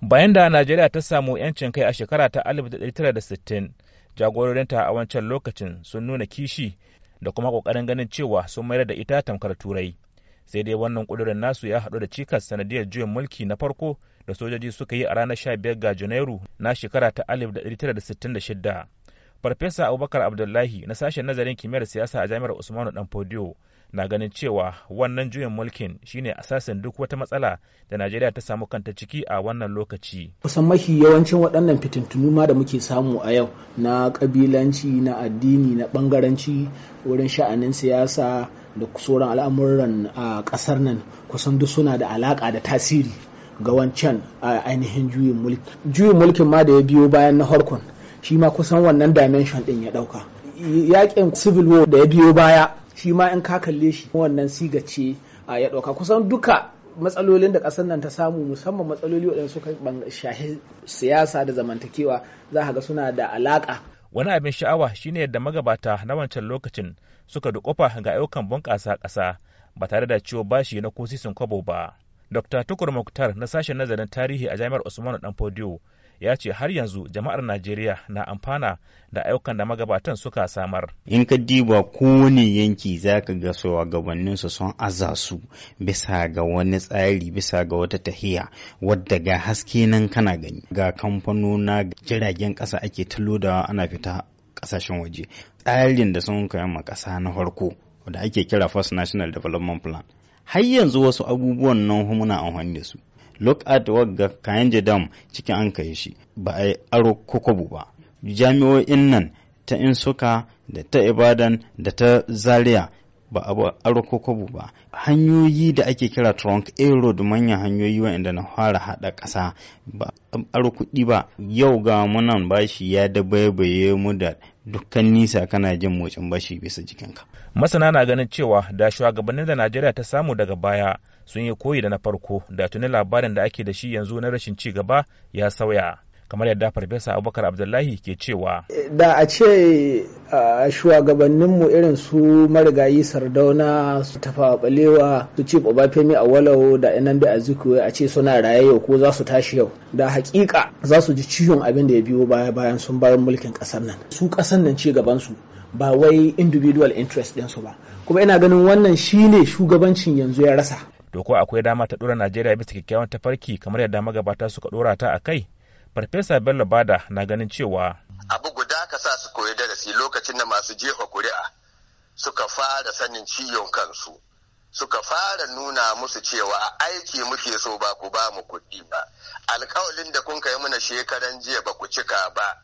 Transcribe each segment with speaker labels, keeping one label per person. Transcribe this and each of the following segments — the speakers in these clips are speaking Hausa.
Speaker 1: bayan da najeriya ta samu 'yancin kai a shekara ta 1960 jagororinta a wancan lokacin sun nuna kishi da kuma kokarin ganin cewa sun mayar da ita tamkar turai sai dai wannan kudirin nasu ya haɗu da cikas sanadiyar juyin mulki na farko da sojoji suka yi a ranar 15 ga janairu na shekara ta 1966 Farfesa Abubakar Abdullahi na sashen nazarin kimiyyar siyasa a Jami'ar Usmanu Danfodiyo na ganin cewa wannan juyin mulkin shine asasin duk wata matsala da Najeriya ta samu kanta ciki a wannan lokaci.
Speaker 2: Kusan mafi yawancin waɗannan fitintunu ma da muke samu a yau na kabilanci na addini na bangaranci wurin sha'anin siyasa da sauran al'amuran a ƙasar nan kusan duk suna da alaƙa da tasiri ga wancan ainihin juyin mulki. Juyin mulkin ma da ya biyo bayan na harkon shi ma kusan wannan dimension din ya dauka yakin civil war da ya biyo baya shi ma in ka kalle shi wannan siga ce a ya dauka kusan duka matsalolin da ƙasar nan ta samu musamman matsaloli waɗanda suka shahi siyasa da zamantakewa za ga suna da alaƙa.
Speaker 1: Wani abin sha'awa shine yadda magabata na wancan lokacin suka duƙufa ga ayyukan bunƙasa ƙasa ba tare da ciwo bashi na kosisin kwabo ba. Dr. Tukur Muktar na sashen nazarin tarihi a Jami'ar dan Danfodiyo ya ce har yanzu jama'ar najeriya na amfana da ayyukan da magabatan suka samar
Speaker 3: in ka diba kowane yanki za ka ga gabaninsu sun aza su bisa ga wani tsari bisa ga wata tahiya wadda ga haske nan kana gani ga kamfanona jiragen ƙasa ake da ana fita ƙasashen waje tsarin da sun ma ƙasa na farko da ake kira first national development plan har yanzu wasu abubuwan nan muna amfani da su look at wagga kayan dam cikin an kai shi ba a yi aro kokobu ba jami'o'in nan ta in suka da ta ibadan da ta zaria ba a aro kokobu ba hanyoyi da ake kira trunk aero road manyan hanyoyi wa'anda na fara hada kasa ba aro kuɗi ba yau ga munan bashi ya dabaibaye mu da dukkan nisa kana jin motsin bashi bisa jikinka
Speaker 1: masana na ganin cewa da shugabannin da najeriya ta samu daga baya sun yi koyi da na farko da tuni labarin da ake da shi yanzu na rashin ci gaba ya sauya kamar yadda farfesa abubakar abdullahi ke cewa
Speaker 2: da a ce shugabanninmu irin su marigayi sardauna su tafa balewa su ci femi a walau da yanan da azikiwe a ce suna raye yau ko za su tashi yau da hakika za su ji ciwon abin da ya biyo baya bayan sun bar mulkin kasar nan su kasar nan ci gaban ba wai individual interest ɗinsu ba kuma ina ganin wannan shine shugabancin yanzu ya rasa
Speaker 1: to ko akwai dama ta dora najeriya bisa kyakkyawan tafarki kamar yadda magabata suka dora ta a kai farfesa bello bada na ganin cewa abu guda ka sa su koyi darasi lokacin da masu jefa kuri'a suka fara sanin ciyon kansu suka fara nuna musu cewa aiki muke so ba ku ba mu kuɗi ba alkawalin da kun kai mana shekaran jiya ba ku cika ba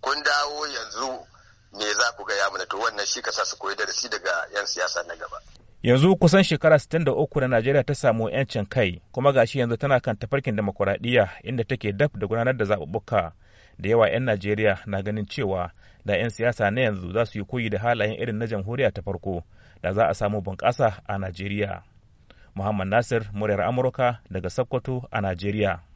Speaker 1: kun dawo
Speaker 3: yanzu me za ku gaya mana to wannan shi ka sa su koyi darasi daga 'yan siyasa na
Speaker 1: gaba yanzu kusan shekara 63 da najeriya ta samu 'yancin kai kuma gashi yanzu tana kan tafarkin demokuraɗiyya inda take daf da gudanar da zaɓuɓɓuka da yawa 'yan najeriya na ganin cewa da 'yan siyasa na yanzu za su yi koyi da halayen irin na jamhuriya ta farko da za a samu bunƙasa a najeriya muhammad nasir muryar amurka daga sokoto a najeriya